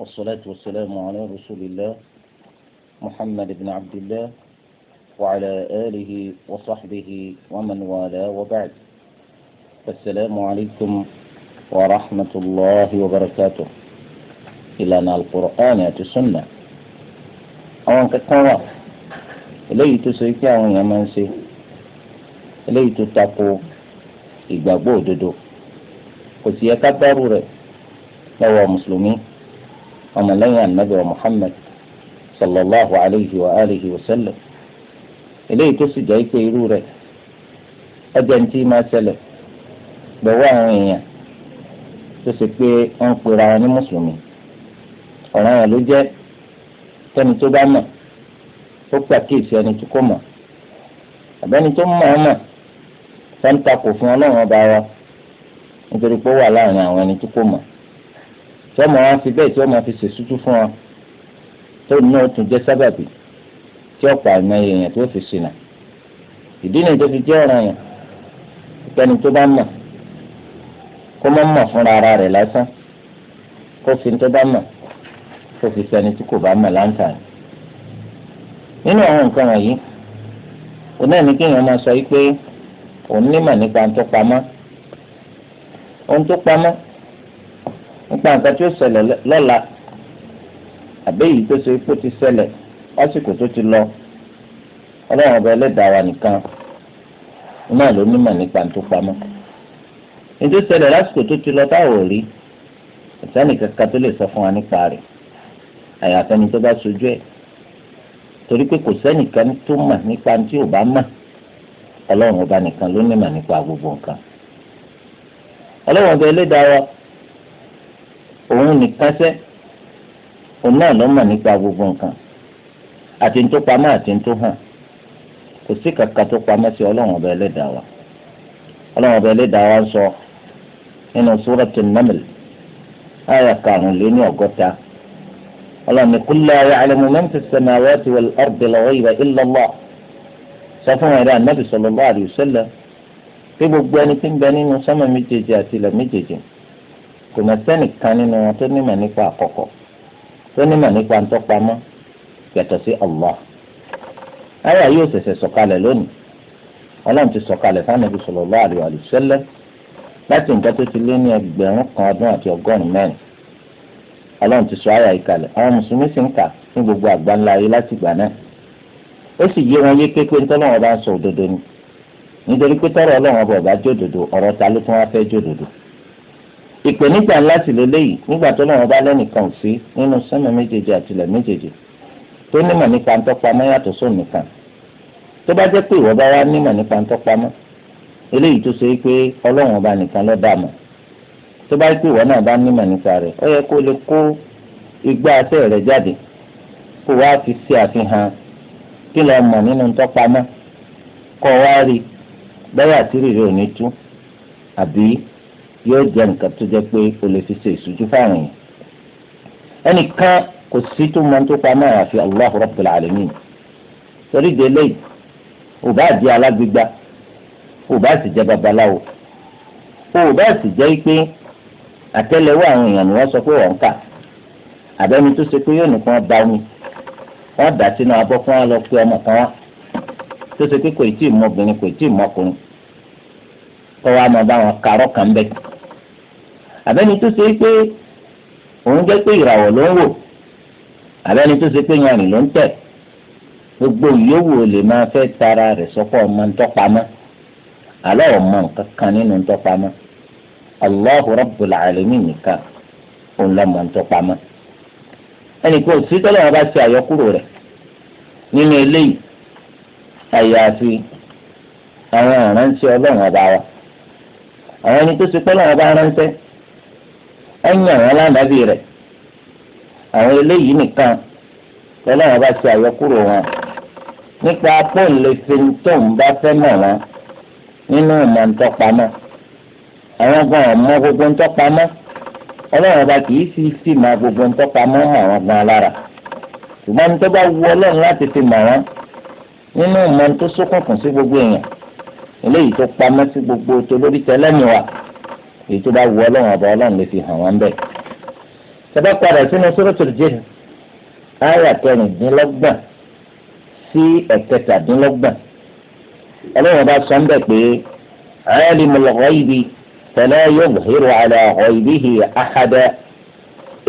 والصلاة والسلام على رسول الله محمد بن عبد الله وعلى آله وصحبه ومن والاه وبعد السلام عليكم ورحمة الله وبركاته إلى أن القرآن السنة أو كتاب eléyìí tó so kí إليه èèyàn إذا بوددو ṣe eléyìí لو مسلمين ọmọlẹ́yìn anabi wa muhammed sallallahu alayhi wa alihi wa sallam eléyìí tó sì jẹ́ pé irú rẹ̀ ọjà ń tí máa ṣẹlẹ̀ gbọ̀wọ́ àwọn èèyàn tó ṣe pé wọ́n pera wọn ní mùsùlùmí ọ̀ràn yẹn ló jẹ́ tẹ́ni tó bá mọ̀ ó pàkíyèsí ẹni tó kò mọ̀ àbẹ́ni tó mọ̀ ọ́ mọ̀ sẹ́ńtà kò fún ọlọ́run ọba wa nítorí pé ó wà láàrin àwọn ẹni tó kò mọ̀ tí ọmọ wọn fi bẹ́ẹ̀ tí ọmọ fi ṣèṣútú fún wọn tó ní náà tún jẹ́ sábàbí tí ọ̀pọ̀ àìmọ̀ èèyàn tó fi ṣìnà ìdí nìyí tó fi jẹ́ ọ̀ràn yẹn ìpẹni tó bá mọ̀ kó má mọ̀ fúnra ara rẹ̀ lásán kó fi tó bá mọ̀ kó fi sẹni tí kò bá mọ̀ láǹtàn nínú àwọn nǹkan wọ̀nyí òun náà ní kéèyàn máa sọ yìí pé òun nímọ̀ nípa ń tó pamọ́ ohun tó pamọ́ nípa nǹkan tí ó ṣẹlẹ̀ lọ́la àbẹ́yìí tó ṣe kó ti ṣẹlẹ̀ lásìkò tó ti lọ ọlọ́run ọba ẹlẹ́dàá wa nìkan náà ló nímọ̀ nípa tó pamọ́ ètò ìṣẹ̀lẹ̀ lásìkò tó ti lọ táwọn ò rí ìsẹ́ni kankan tó lè sọ fún wa nípa rẹ̀ àyàfẹ́ ni tó bá sojú ẹ̀ torí pé kò sẹ́nìkan tó mọ̀ nípa tí ò bá mọ̀ ọlọ́run ọba nìkan ló nímọ̀ nípa gbogbo nǹkan ọlọ́run ọba ẹlẹ́dàá wa nìkan sẹ́ òun náà ló mọ̀ nípa gbogbo nǹkan àti tó pamọ́ àti tó hàn kò sí kankan tó pamọ́ sí ọlọ́run ọba ẹlẹ́dàá wa ọlọ́run ọba ẹlẹ́dàá wa ń sọ nínú suratul naml àyà karùn-ún lé ní ọgọ́ta ọlọ́run ní qul la ya'lamu man fis samawati wal ardi al-ghayba illa sọ fún ẹ̀rọ anábì sallallahu alaihi wasallam gbogbo ẹni tí ń bẹ nínú sánmà méjèèjì àti ilẹ̀ méjèèjì kò mọ̀ sẹ́nìkan nínú wọn tó nímọ̀ nípa àkọ́kọ́ tó nímọ̀ nípa ntọ́pamọ́ yàtọ̀ sí Allah ayé yóò ṣẹ̀ṣẹ̀ sọ̀kalẹ̀ lónìí ọlọ́run ti sọ̀kalẹ̀ fún anabi sallallahu alaihi wa sallam láti nǹkan tó ti lé ní ẹgbẹ̀rún kan ọdún àti ọgọ́rùn-ún mẹ́rin ọlọ́run ti sọ àyà ìkàlẹ̀ àwọn mùsùlùmí sì ń kà ní gbogbo láti ìgbà náà ó sì yé wọn yé bá ń sọ òdodo ni nítorí pé ìpèníjà ńlá sì lélẹ́yìí nígbà tó lọ́wọ́ bá lẹ́nìkan sí nínú sánmà méjèèjì àtìlẹ̀ méjèèjì tó nímọ̀ nípa ntọ́pamọ́ yàtọ̀ sóun nìkan tó bá jẹ́ pé ìwọ bá wá nímọ̀ nípa ntọ́pamọ́ eléyìí tó ṣe é pé ọba nìkan ló dá tó bá pé ìwọ náà bá nímọ̀ nípa rẹ̀ ó yẹ kó lè fi ṣe àfihàn kí lọ mọ̀ nínú yóò jẹ́ nǹkan tó jẹ́ pé o lè fi ṣe ìṣújú fáwọn yìí ẹnìkan kò sí tó mọ tó pa náà àfi Allahu Rabbil Alamin torí délé ò bá jẹ́ alágbègbà ò bá sì jẹ́ babaláwo ò bá sì jẹ́ pé àtẹ́lẹwọ́ àwọn èèyàn ni wọ́n sọ pé wọ́n kà àbẹ́ni tó ṣe pé yóò nìkan da omi wọ́n dà sínú abọ́ fún wa lọ pé ọmọ kan wá tó ṣe pé kò tí ì mọ obìnrin kò tí ì mọ ọkùnrin kọ́ wa bá wọn karọ́ kan bẹ́ẹ̀ àbẹ́ni tó ṣe pé òun jẹ́ pé ìràwọ̀ ló ń wò àbẹ́ni tó ṣe pé yanrìn ló ń tẹ̀ gbogbo ìyówò lè máa fẹ́ tara rẹ̀ sọ́kọ́ ọmọ ntọ́pamọ́ alẹ́ ọmọ nǹkan kan nínú ntọ́pamọ́ Allahu Rabbul Alamin nìkan òun lọ́mọ ntọ́pamọ́ ẹnì kan òsì tọ́lẹ̀ wọn bá ṣe àyọkúrò rẹ̀ nínú eléyìí àyàfi àwọn ìránṣẹ́ ọlọ́run ọba wa àwọn ẹni tó ṣe pé ọlọ́run ọba ránṣẹ́ ẹ̀yìn àwọn aládàbí rẹ̀ àwọn eléyìí nìkan lọ́nà àwọn bá ti àyọkúrò wọn nípa pọ́ńlẹ́fẹ́ntọ́n bá fẹ́ mọ̀ wọn nínú ìmọ̀ ntọ́pamọ́ àwọn gan ọmọ gbogbo ntọ́pamọ́ ọlọ́run ọba kì í fi fi mọ gbogbo ntọ́pamọ́ àwọn gan lára ṣùgbọ́n ní tó bá wu ọlọ́run láti fi mọ̀ wọn nínú ìmọ̀ tó sí gbogbo èèyàn eléyìí tó pamọ́ sí gbogbo tó lórí tẹlẹ́mìí wa èyí tó bá wù ọlọ́run ọba ọlọ́run lè fi hàn wọ́n bẹ́ẹ̀. sábà padà sínú suratul jinn àyà kẹrìndínlọ́gbọ̀n sí ẹ̀kẹtàdínlọ́gbọ̀n ọlọ́run ọba sọ ń bẹ̀ pé alimul ghaibi fala yuzhiru ala ghaibihi ahada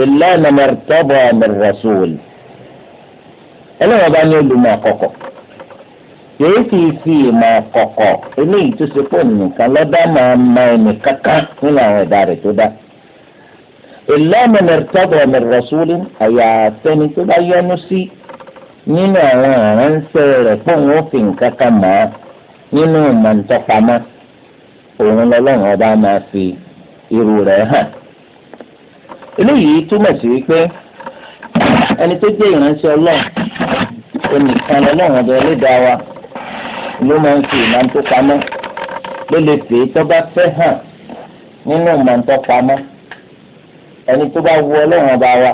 illa man irtada min rasul ọlọ́run ọba ní olùmọ̀ àkọ́kọ́ kìí sì fi ìmọ̀ kọ̀kọ̀ eléyìí tó ṣe pọ̀ nìkan lọ́dá máa ma ẹnì kankan nínú àwọn ẹ̀dá rẹ̀ tó dá. ìlànà mẹ̀rẹ̀tọ́bọ̀ mẹ̀rẹ̀sọ́lẹ̀ àyàfẹ́ni tó bá yọnu sí nínú àwọn ìránṣẹ́ rẹ̀ pọ̀ ń fi nǹkan kan mọ́ nínú ìmọ̀ntọ́pamọ́ òun lọ́lọ́run ọba máa fi irú rẹ̀ hàn. eléyìí túmọ̀ sí wípé ẹni tó jẹ́ ìránṣẹ́ ọlọ́run onìkan ló máa ń fi ìmọ̀ tó pamọ́ ló lè pè é tó bá fẹ́ hàn nínú ìmọ̀ tó pamọ́ ẹni tó bá wu ọlọ́run ọba wa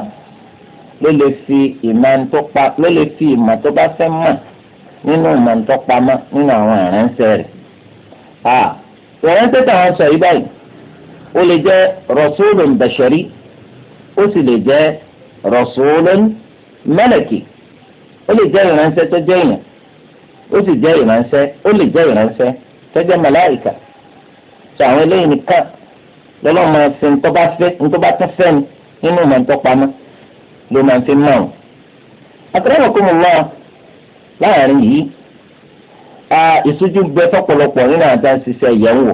ló lè fi ìmọ̀ tó pa ló lè fi ìmọ̀ tó bá fẹ́ mọ̀ nínú ìmọ̀ tó pamọ́ nínú àwọn ìránṣẹ́ rẹ̀ a táwọn sọ yìí báyìí ó lè jẹ́ rasulun bashari ó sì lè jẹ́ rasulun malaki ó lè jẹ́ ìránṣẹ́ tó jẹ́ èèyàn ó sì jẹ́ ìránṣẹ́ ó lè jẹ́ ìránṣẹ́ tẹ́jẹ́ màláìkà tó àwọn eléyìí nìkan lọ́lọ́run máa fi ntọ́ bá fẹ́ ntọ́ bá tún fẹ́ ni nínú ìmọ̀ ntọ́ pamọ́ ló máa fi mọ̀ ọ́n. àtẹ̀lẹ́wọ̀n kò mọ̀ mọ́ láàrin yìí ìṣújú ń bẹ fọ́pọ̀lọpọ̀ nínú àtà ń ṣiṣẹ́ ìyẹ̀wò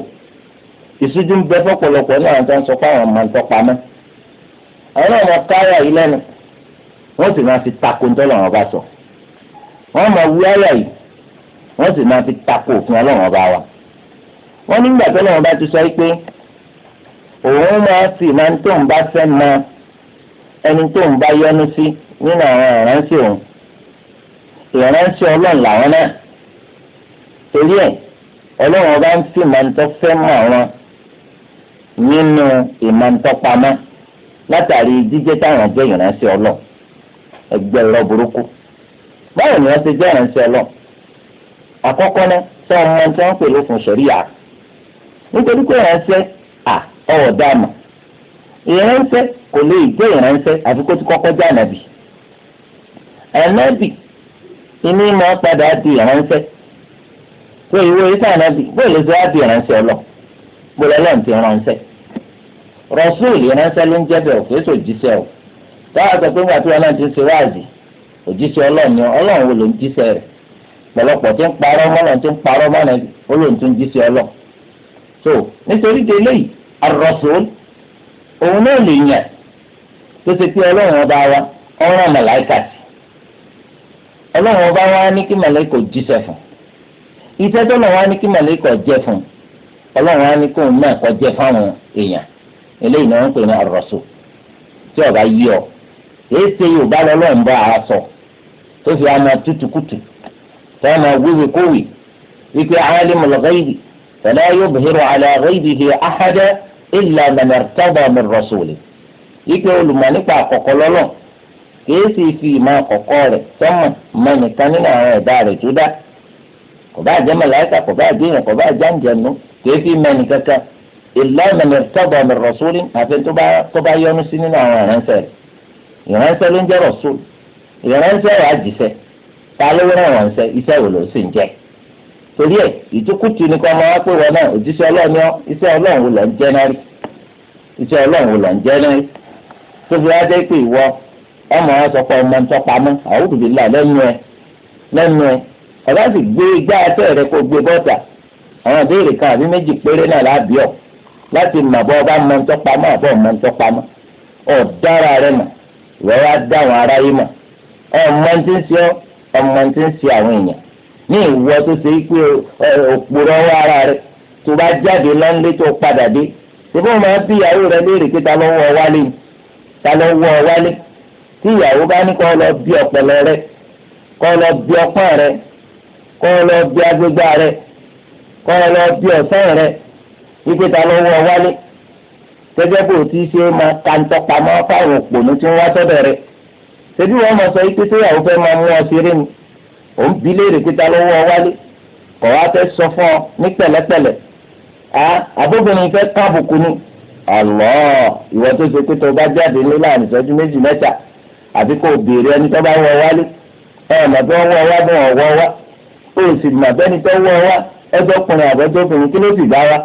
ìṣújú ń bẹ fọ́pọ̀lọpọ̀ nínú àtà ń sọ fáwọn ọmọ ntọ́ pamọ́. àwọn náà máa káyà yìí lẹ́nu wọ́n sì máa fi takò ntọ́lọ́wọ́n bá sọ. wọ́n máa wú ayà yìí wọ́n sì máa fi takò òfin ọlọ́run ọba wa. wọ́n nígbà tó lọ́wọ́ bá ti sọ pé òun máa sì máa ń tó ń bá fẹ́ mọ ẹni tó ń bá yọ́nú sí nínú àwọn ìránṣẹ́ òun ìránṣẹ́ ọlọ́run làwọn náà torí ẹ̀ ọlọ́run ọba ń sì máa ń tọ́ fẹ́ mọ àwọn nínú ìmọ̀ntọ́pamọ́ látàrí jíjẹ́ táwọn jẹ́ ìránṣẹ́ ọlọ́run ẹgbẹ́ ìrọ̀ burúkú báwo ni wọ́n ti jẹ́ ìránṣẹ́ ọlọ́run àkọ́kọ́ náà sọ ọmọ tí wọ́n pè lófin ṣẹ̀ríyà nítorí pé a à dama dáàmà ìránṣẹ́ kò lè jẹ́ ìránṣẹ́ àfi kó ti kọ́kọ́ jẹ́ ànábì ànábì ìní padà di ìránṣẹ́ pé ìwé ìta ànábì bó lè sọ àbí ìránṣẹ́ ọlọ bó lọ́lọ́ ló ń o sọ pé náà ti pọ̀lọpọ̀ tó ń parọ́ mọ́nà tó ń parọ́ mọ́nà olóhùn tó ń jí sí ọlọ́ so nítorí délé yìí ar-rasul òun náà lè yàn tó pé ọlọ́run ọba wa ọ̀ràn màláìkà sí ọba wa ní kí màláìkà fún iṣẹ́ tó lọ́wọ́ ní fún ọlọ́run ní eléyìí ń pè ní tí ọ ṣe lọ́lọ́run bá a sọ tó fi àmọ́ فما جوزي كوي يكي عالم الغيب فلا يظهر على غيبه أحد إلا من ارتضى من رسوله يكي أقول ما نكا قول الله كيسي في ما قول ثم ما نكاننا دار جدا قبا جمل أكا قبا دين قبا جان جنو كيفي ما نكاكا إلا من ارتضى من رسول هفين تبا تبا يوم السنين عوانا سير يوانا سير رسول يوانا سير عجي سير ta ló rán wọn ṣe iṣẹ́ wo ló sì ń jẹ́ torí ẹ̀ ìtukùtù ni kò wá pé wọn náà òjíṣẹ́ ọlọ́ọ̀ni ọ́ iṣẹ́ ọlọ́run lọ jẹ́ lọ jẹ́ tó fi pé ìwọ ọmọ wọn sọ pé ọmọ ń àwùjọ bí là lẹ́nu ẹ lẹ́nu ẹ sì gbé igbá rẹ kó gbé àwọn kan àbí méjì péré náà lábì ọmọ tí ń ṣe àwọn èèyàn ní ìwọ tó ṣe pé òpòrọ ara rẹ tó bá jáde lọ́nlé tó padà dé ṣùgbọ́n wọn máa bí ìyàwó rẹ léèrè pé ta ló wọ wálé ta ló wọ wálé tí ìyàwó bá ní kọ́ lọ bí ọpọlọ rẹ kọ́ lọ bí ọpọ́n rẹ kọ́ lọ bí agbégbá rẹ kọ́ lọ bí ọ̀sán rẹ wípé ta ló wọ wálé gẹ́gẹ́ bó ti ṣe máa ka ń tọpa mọ́ fáwọn òpònú tí wọ́n wá sọ́dọ̀ rẹ ṣebí wọn mọ sọ ike tó yàwó fẹ́ máa mú ọ ṣeré ni ò ń bi léèrè pété lọ́wọ́ ọ wálé kọ̀ wá fẹ́ sọ fún ọ ní pẹ̀lẹ́pẹ̀lẹ́ àbóbìnrin fẹ́ káàbùkù ni àlọ́ ìwọ tó ṣe pé tó bá jáde ní láàrin ìṣẹ́jú méjì mẹ́ta àti kò béèrè ẹni tó bá wọ wálé ọ̀nà tó wọ wá bọ̀ wọ wá ó sì mà bẹ́ni tó wọ wá ẹjọ́ kùnrin àbẹ́jọ́bìnrin kí ló sì bá wá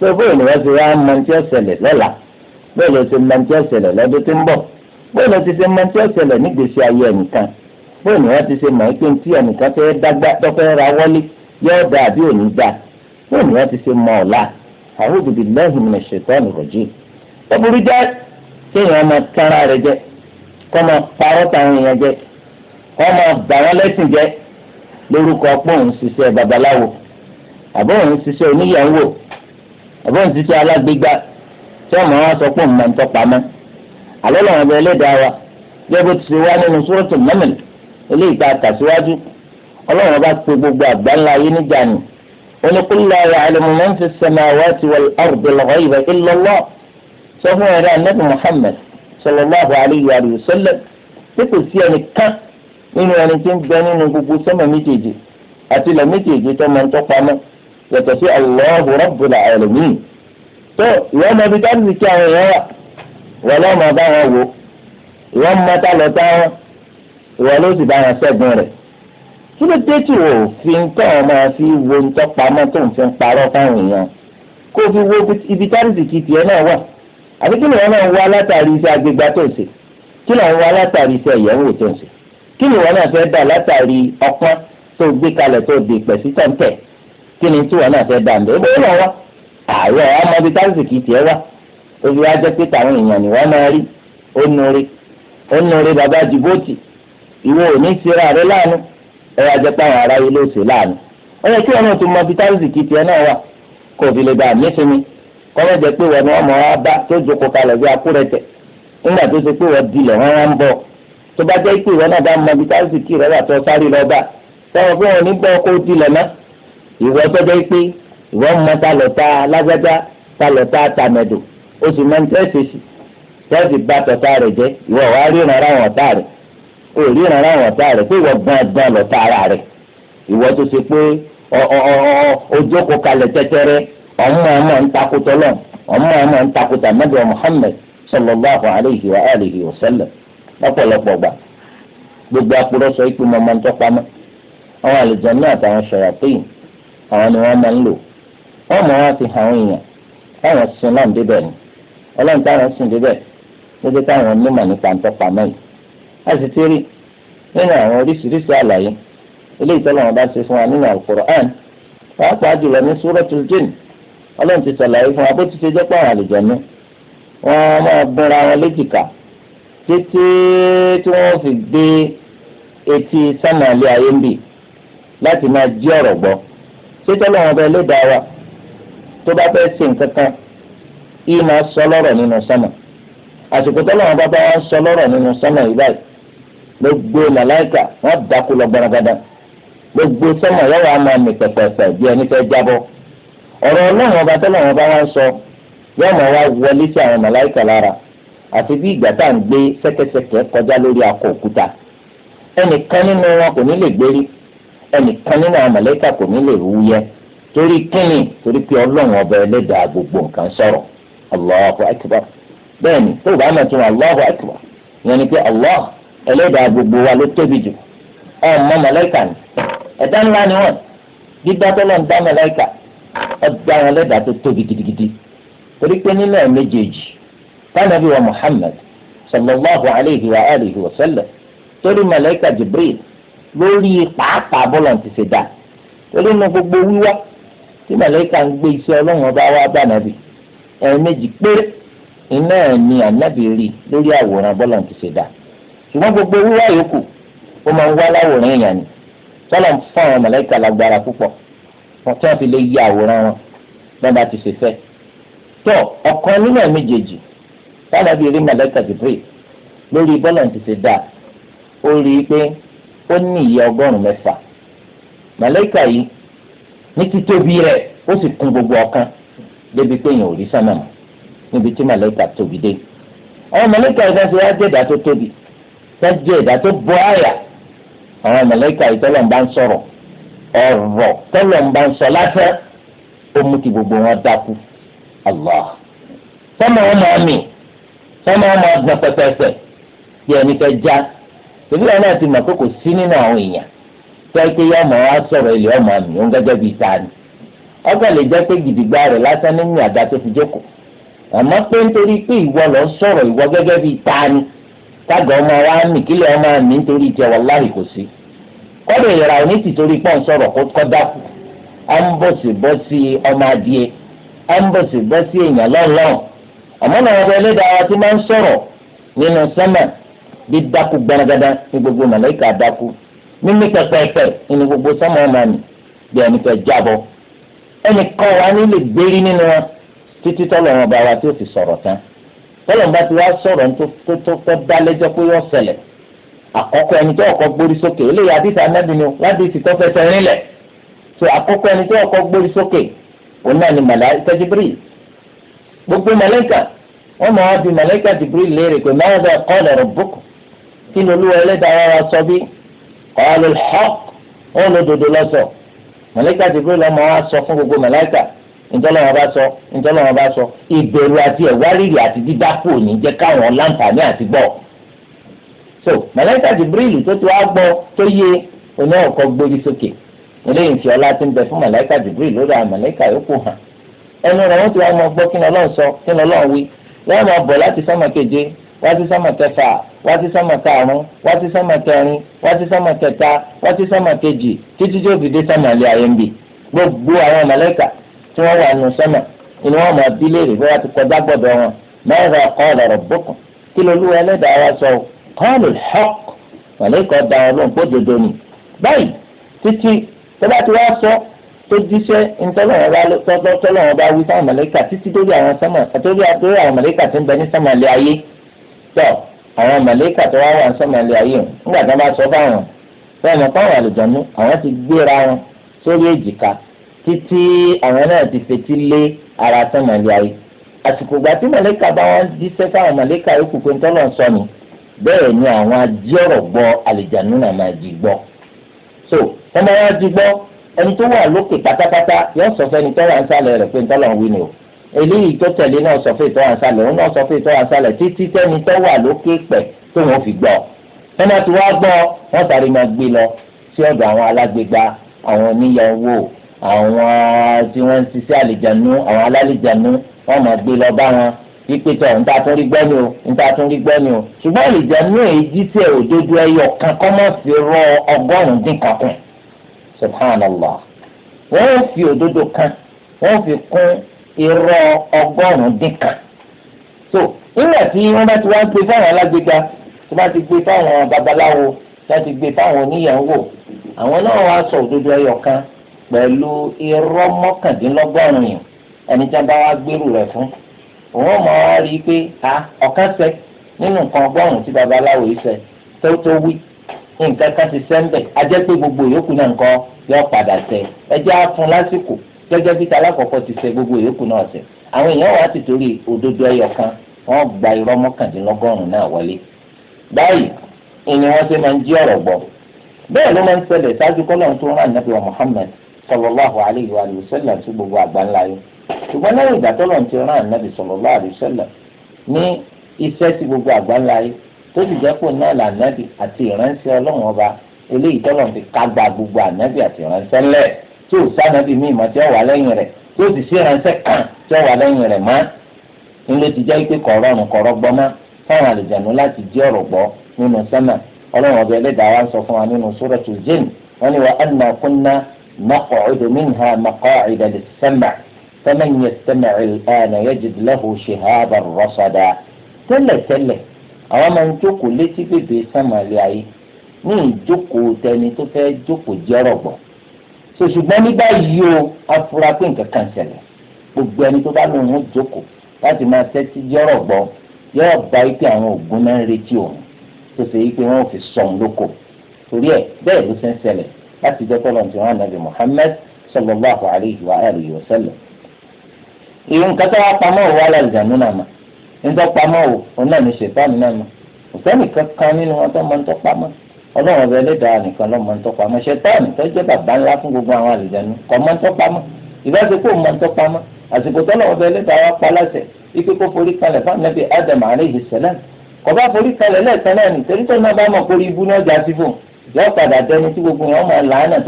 tó bóyá ni wọ́n ti wá mọ̀ ní tí ó ṣẹlẹ̀ lọ́la bóyá ló ti mọ̀ ní tí ó ṣẹlẹ̀ lọ́dún tó ń bọ̀ bóyá ti ṣe máa ń tí ó ṣẹlẹ̀ nígbèsí ayé ẹnìkan bóyá ni wọ́n ti ṣe máa ń pé tí ẹnìkan fẹ́ dágbá tọ́fẹ́ ra wọlé yóò dá àbí òní dá bóyá ni wọ́n ti ṣe mọ ọ̀la a'udhu billahi minash shaitani rajim. ó burú jẹ́ kéèyàn máa tánra rẹ̀ jẹ kó máa parọ́ táwọn èèyàn jẹ kó máa bà wọ́n lẹ́sìn jẹ lórúkọ pé òun ṣiṣẹ́ babaláwo àbọ̀ ṣiṣẹ́ oníyàwó alẹ́ làwọn ọba ẹlẹ́dàá wa gẹ́gẹ́ ti ṣe wá nínú sọ́rọ́tò mọ́mìn eléyìí tá a kà síwájú ọlọ́run ọba pe gbogbo àgbáńlá ayé níjà ni ó ní kó lọ àwọn àlùmọ́ ń fi sẹ́mi àwọn ti wọ ọ̀rùbí lọ́wọ́ ìbẹ̀ kí lọ́lọ́ sọ fún ẹ̀rẹ́ anábì Muhammad sallallahu alayhi wa sallam pé kò sí ẹnì kan nínú ẹni tí ń bẹ nínú gbogbo sẹ́mọ̀ méjèèjì àti ilẹ̀ méjèèjì tó máa ń tọ́pa mọ́ yàtọ̀ sí Allahu Rabbul Alamin tó ìwọ́n mọ ibi dáàbò ti àwọn èèyàn wà ìwọ ló máa bá wọn wò ìwọ mọta lọ táwọn ìwọ ló sì bá wọn ṣẹ́gun rẹ̀ kí ló dé tí o fi ń tọ́ ọmọ fi wo ń tọ́ pamọ́ tó ń fi ń parọ́ fáwọn èèyàn kó o fi wo ibi tárísìkì tiẹ̀ náà wà àbí kí lóun náà wá látàrí iṣẹ́ agbègbè tó ń ṣe kí lóun wá látàrí iṣẹ́ ìyẹ̀wò tó ń ṣe kí ni náà fẹ́ dà látàrí ọpọ́n tó gbé kalẹ̀ tó di pẹ̀sí tọ̀ǹtẹ̀ kí ni náà fẹ́ dà ń bẹ́ẹ̀ bóyá wọn àárọ̀ ọmọbi tárísìkì tiẹ̀ wà obi wa jẹ́ pé tàwọn èèyàn ni wọ́n máa rí ó nùrí ó nùrí bàbá jìbòtì ìwọ ò ní síra rẹ láàánú ẹ wá jẹ́ pé àwọn aráyé ló ṣe láàánú ó kí wọn tún mọ bí táwọn ìsìnkì náà wà kò fi lè bá a nísìnyí kọ́lọ́ jẹ́ pé wọn ni wọ́n mọ̀ wá bá tó joko kalẹ̀ bí akúrẹ́tẹ̀ nígbà tó ṣe pé wọ́n dilẹ̀ wọ́n wá ń bọ̀ tó bá jẹ́ pé ìwọ náà bá mọ bí táwọn ìsìnkì rẹ wà tó lọ bá sọ̀rọ̀ pé wọn ní gbọ́ kó dilẹ̀ náà ìwọ tó jẹ́ pé ìwọ oṣù mẹ́ńtẹ́ẹ̀sì tẹ́ẹ̀sì bá tọ̀tà rẹ̀ jẹ́ ìwọ wàá ríran ráwọn ọ̀tá rẹ̀ o ríran ráwọn ọ̀tá rẹ̀ pé ìwọ gbọ̀ngàn lọ̀tá ara rẹ̀ ìwọ tó ṣe pé ojókòó kalẹ̀ tẹ́tẹ́rẹ́ ọmọ ọmọ ń takùtọ̀ lọ ọmọ ọmọ ń takùtà mẹ́jọ Muhammad sallallahu alayhi wa alihi wa sallam lọ́pọ̀lọpọ̀ gbà gbogbo akpọ̀rọ̀sọ ikú mọ́ máa ń àwọn àlùjànnú àtàwọn ṣàyàpéyì àwọn ni wọ́n máa ń lò wọ́n mọ̀ wọ́n ti hàn wọ́n èèyàn láwọn sinlọ́ọ̀ débẹ̀ ni ọlọ́run táwọn sùn débẹ̀ lójú táwọn onímọ̀ nípa ń tọ́pa mẹ́yìn. a sì ti rí nínú àwọn oríṣiríṣi àlàyé eléyìí tọ́lọ́run bá ṣe fún wa nínú Al-Qur'an pàápàá jùlọ ní Suratul Jinn ọlọ́run ti sàlàyé fún wa bó ti ṣe jẹ́ pé àwọn àlùjànnú wọ́n máa búra wọn léjìká títí tí wọ́n fi gbé etí sámàlì ayé ń bì láti máa jí ọ̀rọ̀ gbọ́ ṣé tọ́lọ́run bẹ́ẹ̀ ló dáa wa tó bá fẹ́ ṣe nǹkan kan yìí máa sọ lọ́rọ̀ nínú sánmà àsìkò tọ́lọ́ wọn bá bá wọn sọ lọ́rọ̀ nínú sánmà yìí báyìí gbogbo màláìkà wọn dákú lọ gbọnagbada gbogbo sánmà yọ̀wọ̀ á máa mì pẹ̀pẹ̀pẹ̀ bí ẹni fẹ́ jábọ́ ọ̀rọ̀ ọlọ́run ọba tọ́lọ́ wọn bá wọn sọ yóò máa wá wọlé sí àwọn màláìkà lára àti bí ìgbà tá à ń gbé sẹ́kẹ́sẹ́kẹ́ kọjá lórí akọ òkúta ẹnìkan nínú wọn kò ní lè gbérí ẹnìkan nínú àwọn màláìkà kò ní lè rú yẹ torí kíni torí pé ọlọ́run ọba ẹlẹ́dàá gbogbo nǹkan sọ̀rọ̀ Allahu akbar bẹ́ẹ̀ni tó o bá mọ̀ tó Allahu akbar ìyẹn ni pé Allah ẹlẹ́dàá gbogbo wa ló tóbi jù ọmọ mọ̀lẹ́kà ni ẹ̀dá ńlá ni wọ́n dídá tọ́lọ̀ ń dá mọ̀lẹ́kà ọ̀dá wọn ẹlẹ́dàá tó tóbi gidigidi torí pé nínú ẹ̀ méjèèjì tánàbí wa Muhammad sallallahu alayhi wa alihi wa sallam torí mọ̀lẹ́kà Jibril lórí pàápàá bọ́lọ̀ ti ṣe dá torí nu gbogbo wíwá tí mọ̀lẹ́kà ń gbé iṣẹ́ ọlọ́run ọba wa bá nàbì ẹ̀ẹ̀mejì péré iná ẹ̀ ni ànábì rí lórí àwòrán bọ́lá ti ṣe dá ṣùgbọ́n gbogbo wíwá yòókù ó máa ń wá láwòrán èèyàn ni tọ́lọ̀ ń fún àwọn mọ̀lẹ́kà lágbára púpọ̀ wọn tí wọ́n fi lè yí àwòrán wọn bọ́lá ti ṣe fẹ́ tó ọ̀kan nínú ẹ̀ méjèèjì tánàbí rí mọ̀lẹ́kà Jibril lórí bọ́lá ti ṣe dá ó rí i pé ó ní ìyẹ́ ọgọ́rùn mẹ́fà mọ̀lẹ́kà yìí ní títóbi rẹ̀ ó sì kún gbogbo ọ̀kan débi pé èèyàn ò rí sánà mọ́ níbi tí màlẹ́kà tóbi dé àwọn màlẹ́kà yìí dáṣe wáá jẹ́ ìdá tó tóbi tó jẹ́ ìdá tó bọ́ àyà àwọn màlẹ́kà yìí tọ́lọ̀ ń bá ń sọ̀rọ̀ ọ̀rọ̀ tọ́lọ̀ ń bá ń sọ lásán ó mú ti gbogbo wọn dákú Allah sọmọ ọmọ mi sọmọ ọmọ ọgbọ̀n pẹpẹpẹ bí ẹni fẹ́ já tòbí ẹ̀ náà ti mọ̀ pé sí nínú àwọn èèyàn tẹ́ pé yọmọ wa sọ̀rọ̀ ilé ọmọ mi òun gẹ́gẹ́ bíi ta ni ọgbà lè jẹ́ pé gidigba rẹ̀ lásán nínú àdá tó fi jókòó àmọ́ pé nítorí pé ìwọ lọ sọ̀rọ̀ ìwọ gẹ́gẹ́ bíi tani tága ọmọ wa nì kílẹ̀ ọmọ mi nítorí tiẹ̀ wàláhì kò sí kọ́dọ̀ ìyàrá òní ti torí pọ́n sọ̀rọ̀ kó dákú à ń bọ̀sibọ́sí ọmọ adìẹ à ń bọ̀sibọ́sí èèyàn lọ́nlọ́n àmọ́ náà ọ̀rọ̀ ẹlẹ́dàá ti máa ń sọ̀rọ̀ nínú sẹ́mà bí dákú gbanagada ní gbogbo màláìka dákú mímí pẹpẹpẹ nínú gbogbo sẹ́mà ọmọ mi bí ẹni fẹ́ jábọ́ ẹnìkan wa ní lè gbérí nínú wọn títí tọ́lọ̀ wọn bá wa tí ó fi sọ̀rọ̀ tán tọ́lọ̀ bá ti wá sọ̀rọ̀ tó tó tó dá lẹ́jọ́ pé yọ ṣẹlẹ̀ àkọ́kọ́ ẹni tó ọkọ̀ gbórí sókè eléyìí àdìsí anábìnrin láti ti tọ́ fẹsẹ̀ rinlẹ̀ tó àkọ́kọ́ ẹni tó ọkọ̀ gbórí sókè òun náà ni màláìka Jibril gbogbo màláìka wọn mọ wá bí màláìka Jibril léèrè pé máa bẹ mọ̀lẹ́kà Jibril lọ́mọ wa sọ fún gbogbo mọ̀lẹ́kà ntọ́lọ́wọ́ bá sọ ntọ́lọ́wọ́ bá sọ ìbẹ̀rù àti ẹ̀wárìrì àti dídákù òní jẹ́ káwọn láǹfààní àti gbọ́. so mọ̀lẹ́kà Jibril tó ti wá gbọ́ tó yé oní ọ̀kọ́ gbórí sókè eléyìí fi ọlá ti ń bẹ fún mọ̀lẹ́kà Jibril lórí àwọn mọ̀lẹ́kà yòókù hàn ẹnu rẹ̀ wọ́n ti wá mọ gbọ́ kí ni Ọlọ́run sọ kí ni Ọlọ́run wí lọ́wọ́ wá sí sánmà kẹfà wá sí sánmà karùn-ún wá sí sánmà kẹrin wá sí sánmà kẹta wá sí sánmà kejì títí tí ó fi dé sánmà ilé ayé ń bì gbogbo àwọn màláíkà tí wọ́n wà nù sánmà inú wọn máa bí léèrè bóyá ti kọjá gbọ́dọ̀ wọn mẹ́rin ọkọ ọ̀rọ̀ bùkún kí ló lúwa ẹlẹ́dàá wa sọ kọ́ọ̀lù hẹ́k màláíkà da wọn lóhùn dodo ni báyìí títí tó bá ti sọ tó jíṣẹ́ ntọ́lọ́wọ́n bá wí sáwọn títí dórí àwọn àwọn màláíkà tọ́ àwọn màlẹ́kà tó wá wà ń sọ́mọ́lẹ́ ayé wọn nígbà tó bá sọ fáwọn wọn mọ̀ fáwọn àlùjọ́nú àwọn ti gbéra wọn sórí èjìká títí àwọn náà ti fetí lé ara sọ́mọ́lẹ́ ayé àsìkò ìgbà tí màlẹ́kà bá wọn díṣẹ́ fáwọn màlẹ́kà yòókù pé ńtọ́lọ̀ sọ ni bẹ́ẹ̀ ni àwọn ajíọ̀rọ̀ gbọ́ àlùjọ́nú náà máa jí gbọ́ so wọ́n máa wá jí gbọ́ ẹni tó wà lókè pátápátá yóò sọ fẹ́ni tọ́lọ̀ ń sálẹ̀ eléyìí tó tẹ̀lé náà sọ fún ìtọ́wà sálẹ̀ òun náà sọ fún ìtọ́wà sálẹ̀ títí tẹ́ni tó wà lókè pẹ̀ tó wọ́n fi gbọ́ ẹni àti wá gbọ́ wọ́n sáré máa gbé lọ sí ọ̀dọ̀ àwọn alágbègbà àwọn oníyàwó àwọn tí wọ́n ń ṣiṣẹ́ àlìjànú àwọn alálìjànú wọ́n máa gbé lọ bá wọn wípé tọ̀ níta tún rí gbẹ́ni o níta tún rí gbẹ́ni o ṣùgbọ́n àlìjànú èyí jíṣẹ́ òdodo ẹyọ kan kọ́ mọ́ fi rọ ọgọ́rùn-ún dín kan kún subhanallah wọ́n fi òdodo kan wọ́n fi kún irọ́ ọgọ́rùn-ún dín kan so nígbà tí wọ́n bá ti wá gbé fáwọn alágbèéká tó bá ti gbé fáwọn babaláwo tó ti gbé fáwọn oníyàwó àwọn náà wá sọ òdodo ẹyọ kan pẹ̀lú irọ́ mọ́kàndínlọ́gọ́rùn-ún yìí ẹni tí wọ́n bá wá gbèrú rẹ̀ fún òun mọ̀ wá rí i pé ọ̀kan ṣẹ nínú nǹkan ọgọ́rùn-ún tí babaláwo yìí ṣẹ tó tó wí nǹkan kan ti sẹ́ńbẹ̀ ajẹ́ pé gbogbo ìyókù náà nǹkan yọ padà ṣẹ gẹ́gẹ́ bí talákọ̀ọ́kọ́ ti ṣe gbogbo ìyókù náà ṣe àwọn èèyàn wà ti torí òdodo ẹyọ kan wọ́n gba irọ́ mọ́kàndínlọ́gọ́rùn-ún náà wọlé báyìí ìní wọn ṣe máa ń jí ọ̀rọ̀ gbọ́ bẹ́ẹ̀ ló máa ń ṣẹlẹ̀ ṣáájú kọ́lọ́run tó rán ànábì wa Muhammad sallallahu alayhi wa sallam sí gbogbo àgbáńlá yìí ṣùgbọ́n lẹ́yìn ìgbà tọ́lọ́run ti rán ànábì sallallahu alayhi wa sallam ní iṣẹ́ sí gbogbo àgbáńlá yìí tó sì jẹ́pọ̀ náà là ànábì àti tí ò sá nàbì mí ìmọ̀ tí ó wà lẹ́yìn rẹ̀ tí ó sì sí ìránṣẹ́ kan tí ó wà lẹ́yìn rẹ̀ mọ́ ilé ti jẹ́ pé kọ̀ọ̀rọ̀ ọ̀run kọ̀ọ̀rọ̀ gbọ́ mọ́ fáwọn àlùjànnú láti jí ọ̀rọ̀ gbọ́ nínú sánmà ọlọ́run ọbẹ̀ ẹlẹ́dàá wa ń sọ fún wa nínú suratul jinn wọ́n ní wa anna kunna naq'udu minha maq'ida lis-sam' faman so ṣùgbọ́n ní báyìí o afura pé nǹkan kan ṣẹlẹ̀ gbogbo ẹni tó bá lóun ó jókòó láti máa tẹ́tí yọ̀rọ̀ gbọ́ yọ̀rọ̀ gba ipe àwọn ògùn náà ń retí òun tó ṣe wípé wọn ò fi sọ̀hún lóko torí ẹ̀ bẹ́ẹ̀ ló ṣe ń ṣẹlẹ̀ láti jẹ́ tọ́lọ̀ tí wọ́n nàbì Muhammad sallallahu alayhi wa alihi wa sallam. ìrù nǹkan tó wá ọlọ́run ọbẹ̀ ẹlẹ́dàá nìkan ló mọ ntọ́pá mọ́ ṣẹ̀tánì tó jẹ́ bàbá ńlá fún gbogbo àwọn àlùjànnú kọ́ mọ ntọ́pá mọ́ ìbáṣe kó mọ ntọ́pá mọ́ àsìkò tọ́lọ́run ọbẹ̀ ẹlẹ́dàá wá pa láṣẹ ike kó forí kalẹ̀ fún anabi adam aleyhi salam kò bá forí kalẹ̀ lẹ́ẹ̀kan náà nítorí tó náà bá mọ̀ kórìí ibú náà já sí fún yọ padà dẹni tí gbogbo wọn máa làánà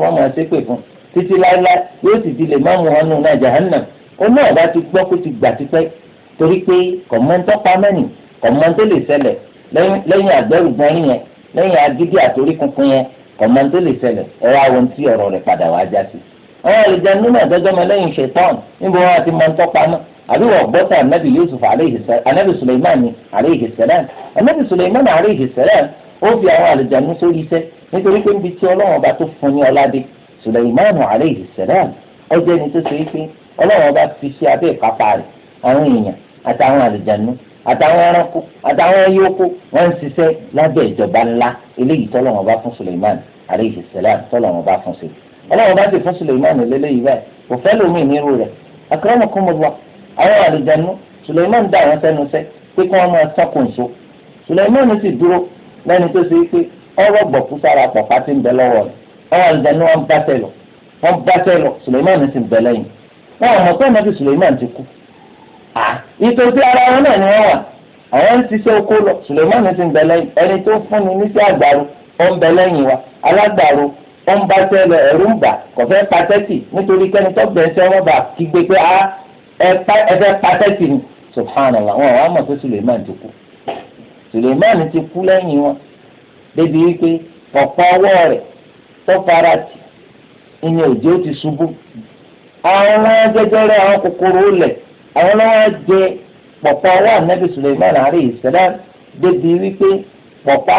tí jahannam ó náà bá ti gbọ́ kó ti gbà tipẹ́ torí pé kọ̀mọ́ntọ́ pamẹ́nì kọ̀mọ́ntọ́ lè ṣẹlẹ̀ lẹ́yìn lẹ́yìn agídí àtòrí funfun yẹn kọ̀mọ́ntò lè ṣẹlẹ̀ ẹ̀rọ àwọn tí ọ̀rọ̀ rẹ̀ padà wá já sí. àwọn àlùjànnú náà dọ́jọ́ mọ lẹ́yìn ṣetán níbo wọn àti mọ ntọ́pa náà àbí wọ́n gbọ́ tán anabi yusuf anabi suleimani aleyhi salam anabi suleimani aleyhi salam ó fi àwọn àlùjànnú sórí iṣẹ́ nítorí pé níbi tí ọlọ́wọ́n bá tó fún ní ọládé suleimani aleyhi salam ó jẹ́ ni tó ṣe é pé ọlọ́wọ́n bá fi sí abẹ́ ìkápá rẹ̀ àwọn èèyàn àtàwọn àlùjànnú àtàwọn ẹranko àtàwọn ẹyọkọ wọn ń ṣiṣẹ́ lábẹ́ ìjọba ńlá eléyìí tọ́lọ́wọ́n bá fún Suleiman aleyhi salam tọ́lọ́wọ́n bá fún sí ọlọ́wọ́n bá ti fún Suleiman lélẹ́yìí báyìí kò fẹ́ lómi nírú rẹ̀ akramakumullah àwọn àlùjànnú Suleiman dá àwọn sẹ́nu sẹ́ pé kí wọ́n máa sọ́kò nso Suleiman sì dúró lẹ́ni tó ṣe pé ọ̀rọ̀ gbọ̀kú sára pàpà ti ń bẹ lọ́wọ́ rẹ̀ àwọn àlùjànnú ìtòsí ara wọn náà ni wà àwọn ń ṣe oko lọ Sulemani ti ń bẹ lẹ́yìn ẹni tó fún ni níṣẹ́ àgbàro ó ń bẹ lẹ́yìn wa alágbàro ó ń bá tẹ́lẹ̀ ẹ̀rú ń bà kò fẹ́ patẹ́tì nítorí kẹ́ni tó bẹ̀ bà kí gbé pé ẹ fẹ́ patẹ́tì ni subhanallah wọn àwọn àmọ̀ pé Sulemani ti kú Sulemani ti kú lẹ́yìn wọn débi wípé àwọn lọ́wọ́ jẹ pọ̀pọ̀ ọwọ́ ànábì suleiman alayhi salam débi wípé pọ̀pá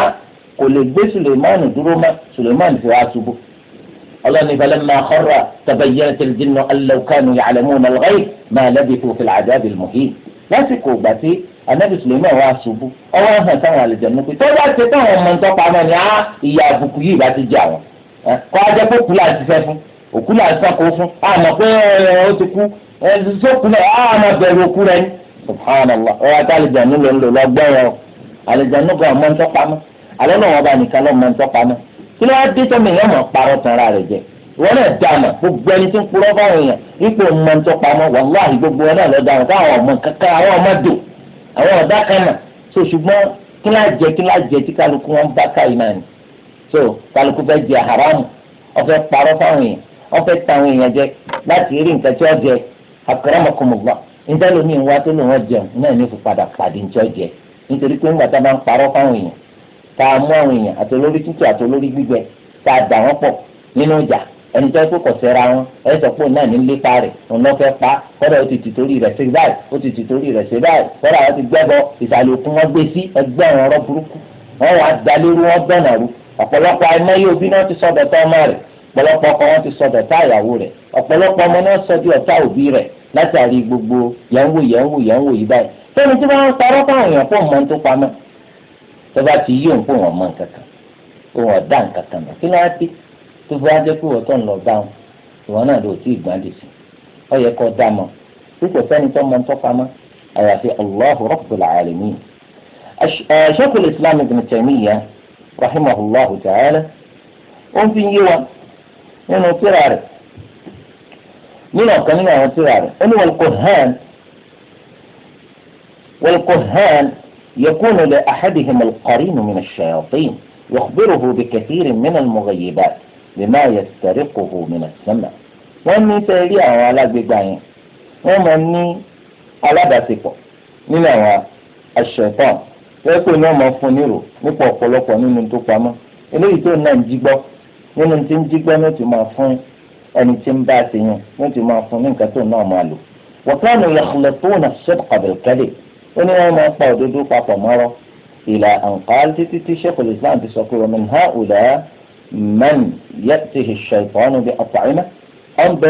kò lè gbé suleiman dúró mọ́ suleiman fi wá ṣubú ọlọ́ni falamma kharra tabayyanat al-jinnu an law kanu ya'lamuna al-ghayb ma labithu fil 'adhabi al-muhin lásìkò ìgbà tí anabi suleiman wá ṣubú ọwọ́ hàn sáwọn àlejànú pé tó bá ṣe táwọn ọmọ ń tọ́pa náà ni á ìyá àbùkù yìí bá ti jẹ àwọn kọ́ ẹ̀sìn sókun rẹ̀ á máa bẹ̀rù òkú rẹ̀ ni. subhanallah ọ̀rọ̀ àti alìjánu ló ń lò lọ́gbọ́n yẹn o alìjánu gan ọmọ ń tọ́pa mọ́ alẹ́ náà wọ́n bá nìkan lọ́ mọ́ ń tọ́pa mọ́ kí ló wá dé tọ́mọ èèyàn mọ̀ parọ́ tan ara rẹ̀ jẹ wọn náà dànù gbogbo ẹni tó ń purọ́ fáwọn èèyàn ipò mọ ń tọ́pa mọ́ wàláhì gbogbo ẹ náà lọ dànù káwọn ọmọ kankan àwọn ọmọ dò àwọn ọ̀dà akramakumullah níta lómi ìwà tó lòun jẹun náà ní kó padà pàdé ní ọjẹ nítorí pé ńgbà tá a bá ń parọ́ fáwọn èèyàn tá a mú àwọn èèyàn àti olórí tútù àti olórí gbígbẹ tá a dà wọ́n pọ̀ nínú ìjà ẹni tó kó kọ̀sẹ́ra wọn ẹni tó pọ̀ náà ní lépa rẹ̀ òun lọ fẹ́ pa kọ́dà ó ti tì torí rẹ̀ sí báyìí ó ti tì torí rẹ̀ sí báyìí kọ́dà wọn ti gbẹ́bọ ìsàlẹ̀ òkun wọn gbé sí ẹgbẹ́ àwọn burúkú wọn wàá dalérú wọn bẹ̀nà ọ̀pọ̀lọpọ̀ ọkọ wọn ti sọ dọ̀tá ìyàwó rẹ̀ ọ̀pọ̀lọpọ̀ ọmọ náà sọ di ọ̀tá òbí rẹ̀ látàrí gbogbo yẹ̀ǹwò yẹ̀ǹwò yẹ̀ǹwò yìí báyìí tóbi tí wọ́n parọ́ fáwọn èèyàn fún ọmọ tó pamọ́ tó bá ti yí wọn mọ nǹkan kan òun nǹkan kan nínú tíra rẹ̀ nínú ọ̀kan nínú àwọn tíra rẹ̀ ó ní wal-kuhhan wal-kuhhan yakunu li ahadihim al-qarinu min ash-shayatin yukhbiruhu bikathirin min al-mughayyibat bima yastariquhu min as-sama' wọ́n ní sẹ́ rí àwọn alágbègbè yẹn wọ́n máa ní aládàsípọ̀ nínú àwọn aṣ wọ́n pè ní ọmọ fún nírò nípa ọ̀pọ̀lọpọ̀ nínú tó pamọ́ eléyìí tó náà ń jí gbọ́ nínú tí ń jígbẹ́ ní ti máa fún ẹni tí ń bá ti yàn ní ti máa fún ní nǹkan tó náà máa lò. wọ́kànnì yàtọ̀ tó nà sọ́kà bẹ̀rẹ̀kẹ́lẹ̀ ó ní wọ́n máa pa òdodo papọ̀ mọ́rọ́ ìlà àǹkàl títí tí sẹ́kùl islam ti sọ pé wọ́n ha òdà mẹ́rin yẹ́tì ṣàìfọ́nù bí ọ̀pọ̀ ọ̀n bẹ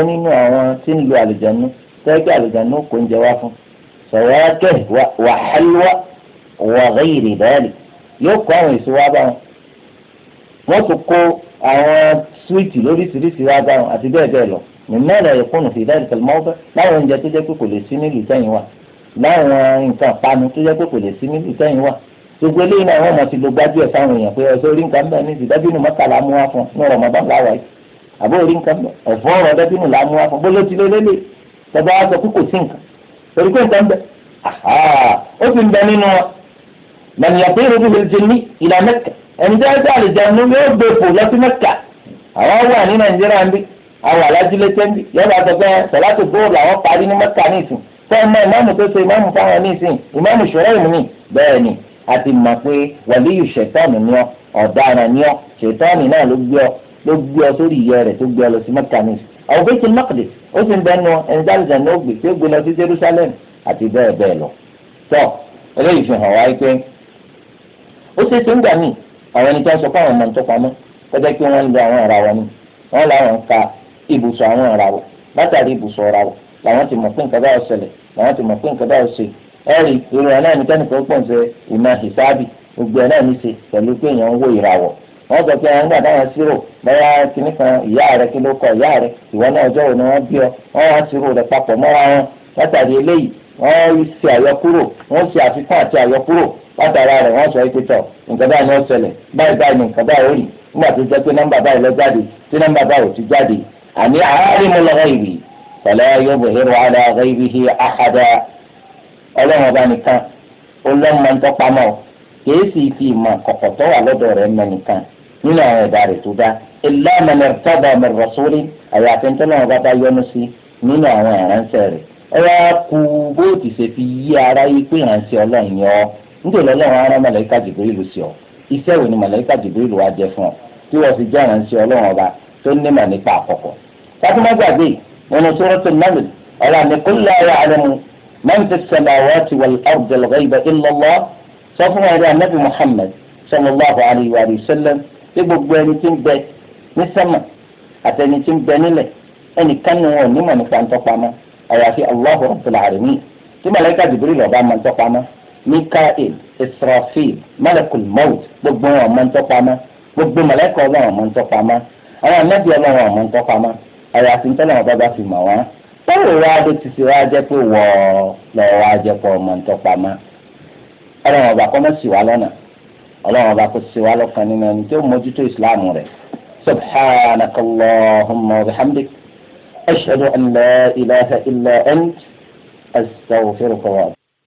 yóò kó àwọn èso wá bá wọn. wọ́n tún kó àwọn súwìtì lóríṣiríṣi wá bá wọn àti bẹ́ẹ̀ bẹ́ẹ̀ lọ mẹ́rin ẹ̀yẹ fóònù fi dáàbò tẹ̀lé mọ́ọ́fẹ́ láwọn oúnjẹ tó jẹ́ pé kò lè sí nílùú sẹ́yìn wà láwọn nǹkan panu tó jẹ́ pé kò lè sí nílùú sẹ́yìn wà gbogbo eléyìí náà wọ́n mọ̀ ti lo gbájú ẹ̀ fáwọn èèyàn pé ẹ̀sọ́ orí nǹkan bẹ́ẹ̀ ní ti dábìnú mọ́tàlá mú wá fún ní Ramadan láwà yìí àbó orí nǹkan bẹ́ẹ̀ ẹ̀fọ́ ọ̀rọ̀ dábìnú là mú wá fún bóló ti lélẹ́lẹ́ tọ́ba wá sọ pé kò sí nǹkan torí pé nǹkan bẹ́ẹ̀ ó ti ń bẹ nínú wọn mọ̀nìyàn pé rẹ́bí lè jẹ ní ìlànà kẹ́ẹ̀ ẹni tí wọ́n ti àlùjánu yóò gbé pò lọ́sí mẹ́ta àwọn wà ní nàìjíríà ń bí àwọn alájúlé tẹ́ ń bí yọba sọ pé sọláàtì góòlù àwọn parí ní mẹ́ta ní ìsìn fún ọmọ ìmáàmù tó so ìmáàmù fáwọn ní ìsìn ìmáàmù ṣòro ìmú ni bẹ́ẹ̀ ni a ti mọ̀ pé wàlíyù ṣètọ́ọ̀nù ni ọ ọ̀daràn ni ọ ṣètọ́ọ̀nù náà ló gbé ọ ló gbé ọ sórí ìyẹ́ rẹ̀ tó gbé ọ lọ sí mẹ́ta ní ìsìn àwọn bẹ́tẹ̀ ó ṣe é ṣe ń gbà míì àwọn ẹni tó ń sọ fún àwọn ọmọ tó pamọ́ kọjá pé wọ́n ń lo àwọn ìràwọ̀ ni wọ́n láwọn ka ibùsọ̀ àwọn ìràwọ̀ látàrí ibùsọ̀ ìràwọ̀ làwọn ti mọ̀ pé nǹkan báyọ̀ ṣẹlẹ̀ làwọn ti mọ̀ pé nǹkan báyọ̀ ṣe ẹ̀rí irun ẹ̀ náà ní kẹ́nìkan pọ̀ ṣe ìmọ̀ ìsáàbì gbogbo ẹ̀ náà ní ṣe pẹ̀lú pé èèyàn ń wo ìràwọ̀ wọ́n sọ pé àwọn gbàdá wọn sírò bóyá kìnnì kan ìyá rẹ kí ló kọ ìyá rẹ ìwọ náà ọjọ́ wo wọ́n bí ọ wọ́n wá sírò rẹ papọ̀ mọ́ra wọn látàrí eléyìí wọ́n ṣe àyọkúrò wọ́n ṣe àfikún àti àyọkúrò látara rẹ̀ wọ́n sọ yìí pẹ̀tọ̀ nǹkan báyìí náà ṣẹlẹ̀ báyìí báyìí nǹkan báyìí ó rì nígbà tó jẹ́ pé nọ́mbà báyìí lọ jáde tí nọ́mbà báyìí ò ti jáde àní àárín mu lọ́wọ́ ìrì fala yuzhiru ala ghaybihi ahada ọlọ́run ọba nìkan ọlọ́mọ ń tọ́pamọ́ kìí sì fi ìmọ̀ kọ̀kọ̀ tó wà lọ́dọ̀ rẹ̀ mọ nìkan nínú àwọn ẹ̀dá rẹ̀ tó dá illa man nítorí ọlọ́run ara màláíkà jìbìrìlù sí ọ iṣẹ́ wo ni màláíkà jìbìrìlù wá jẹ fún ọ tí wọ́n fi jẹ́ ìránṣẹ́ ọlọ́run ọba tó ní mà nípa àkọ́kọ́. sátúmọ́gbàgbé nínú suratul naml ọ̀rọ̀ àmì kó lè ara rẹ mu man fi samawati wal ardi al-ghayba illa Allah sọ fún ẹ̀rọ anábì Muhammad sallallahu alayhi wa sallam pé gbogbo ẹni tí ń bẹ ní mikael israfil malekul maut gbogbo wọn ọmọ ntọpamọ gbogbo mọlẹkọ Ọlọ́run ọmọ ntọpamọ àwọn anabi Ọlọ́run ọmọ ntọpamọ àyàfi ntọ́nà wọn bábá fi mọ̀ wọn báwo wá ló ti ṣe wá jẹ́ pé wọ́ lọ́wọ́ wá jẹ́ pé ọmọ ntọpamọ Ọlọ́run ọba kọ́ mẹ́sì wá lọ́nà Ọlọ́run ọba kò sí wá lọ́kàn nínú ẹni tó mójútó ìsìláàmù rẹ̀ subhanakallahumma wa bihamdik ashhadu an la ilaha illa ant astaghfiruka